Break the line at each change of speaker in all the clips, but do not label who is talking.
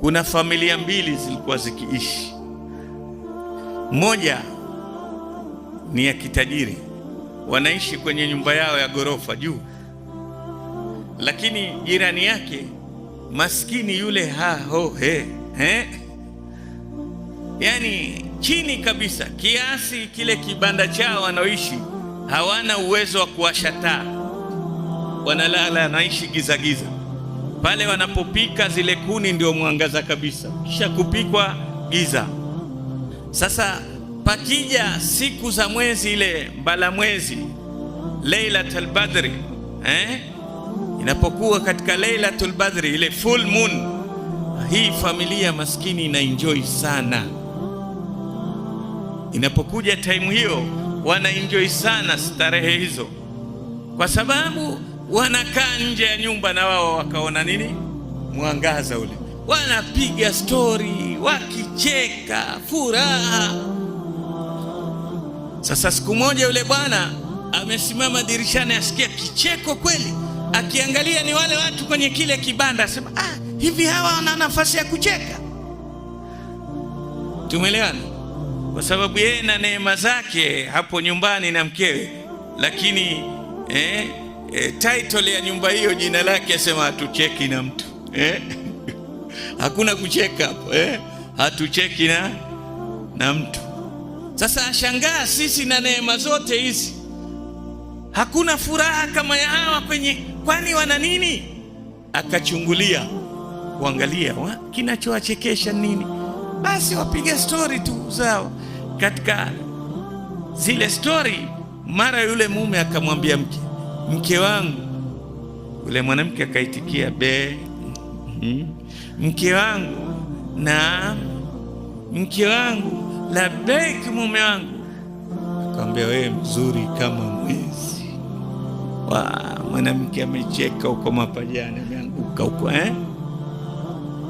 Kuna familia mbili zilikuwa zikiishi. Moja ni ya kitajiri, wanaishi kwenye nyumba yao ya ghorofa juu, lakini jirani yake maskini yule hahohe he, yani chini kabisa, kiasi kile kibanda chao wanaoishi hawana uwezo wa kuwasha taa, wanalala anaishi gizagiza. Pale wanapopika zile kuni ndio mwangaza kabisa, kisha kupikwa giza. Sasa pakija siku za mwezi ile mbala mwezi Lailatul Badri eh? Inapokuwa katika Lailatul Badri ile full moon, hii familia maskini ina enjoy sana. Inapokuja time hiyo, wana enjoy sana starehe hizo, kwa sababu wanakaa nje ya nyumba na wao wakaona nini? Mwangaza ule, wanapiga stori wakicheka furaha. Sasa siku moja yule bwana amesimama dirishani, asikia kicheko kweli, akiangalia ni wale watu kwenye kile kibanda, asema ah, hivi hawa wana nafasi ya kucheka? Tumeelewana? Kwa sababu yeye na neema zake hapo nyumbani na mkewe, lakini eh, e, title ya nyumba hiyo jina lake asema hatucheki na mtu eh? hakuna kucheka hapo eh? hatucheki na, na mtu. Sasa ashangaa sisi na neema zote hizi, hakuna furaha kama ya hawa kwenye, kwani wana nini? Akachungulia kuangalia wa, kinachowachekesha nini? Basi wapiga stori tu zao. Katika zile stori, mara yule mume akamwambia mke mke wangu. Yule mwanamke akaitikia be, hmm? mke wangu, na mke wangu, labeki mume wangu. Akamwambia wewe mzuri kama mwezi. Wa mwanamke amecheka huko mapajani, ameanguka huko eh?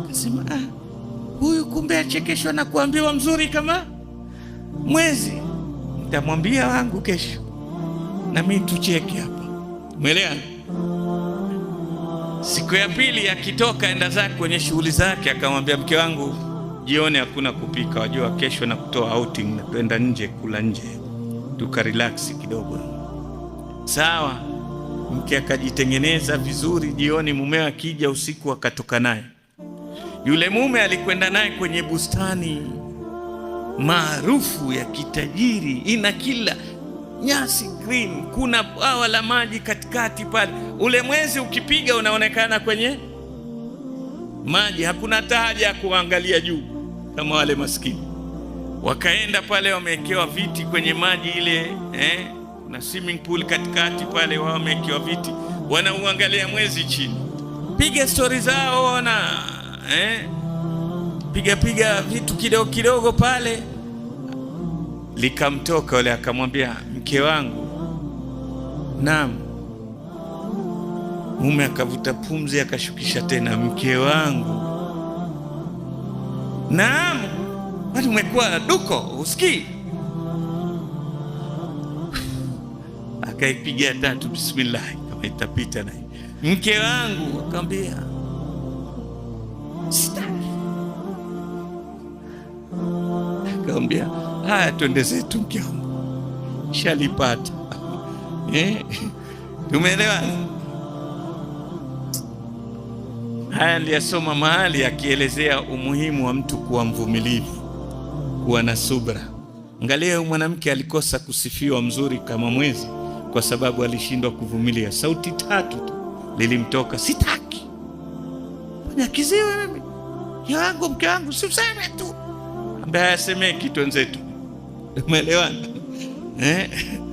Akasema ah, huyu kumbe achekeshwa na kuambiwa mzuri kama mwezi. Nitamwambia wangu kesho, na mimi tucheke hapa. Umeelewa? Siku ya pili akitoka enda zake kwenye shughuli zake, akamwambia mke wangu, jioni hakuna kupika, wajua kesho na kutoa outing na tuenda nje kula nje, tuka relax kidogo. Sawa, mke akajitengeneza vizuri. Jioni mumewe akija usiku, akatoka naye. Yule mume alikwenda naye kwenye bustani maarufu ya kitajiri, ina kila nyasi green, kuna bwawa la maji katikati pale. Ule mwezi ukipiga unaonekana kwenye maji, hakuna hata haja ya kuangalia juu kama wale maskini. Wakaenda pale wamewekewa viti kwenye maji ile, eh, na swimming pool katikati pale, wao wamewekewa viti, wanauangalia mwezi chini, piga stori zao, ona eh, piga piga vitu kidogo kidogo pale likamtoka yule akamwambia, mke wangu. Naam, mume akavuta pumzi akashukisha tena, mke wangu. Naam, watu umekuwa duko, usikii Akaipiga tatu, bismillahi, kama itapita naye, mke wangu. Akamwambia sitaki, akamwambia Haya, twende zetu, mke wangu shalipata. Eh, tumeelewa. Haya aliyasoma mahali akielezea umuhimu wa mtu kuwa mvumilivu, kuwa na subra. Angalia, huyu mwanamke alikosa kusifiwa mzuri kama mwezi kwa sababu alishindwa kuvumilia. Sauti tatu tu lilimtoka, sitaki nyakiziwe mimi, mke wangu, mke wangu, si tu ambaye asemee kitu me levanto. ¿Eh?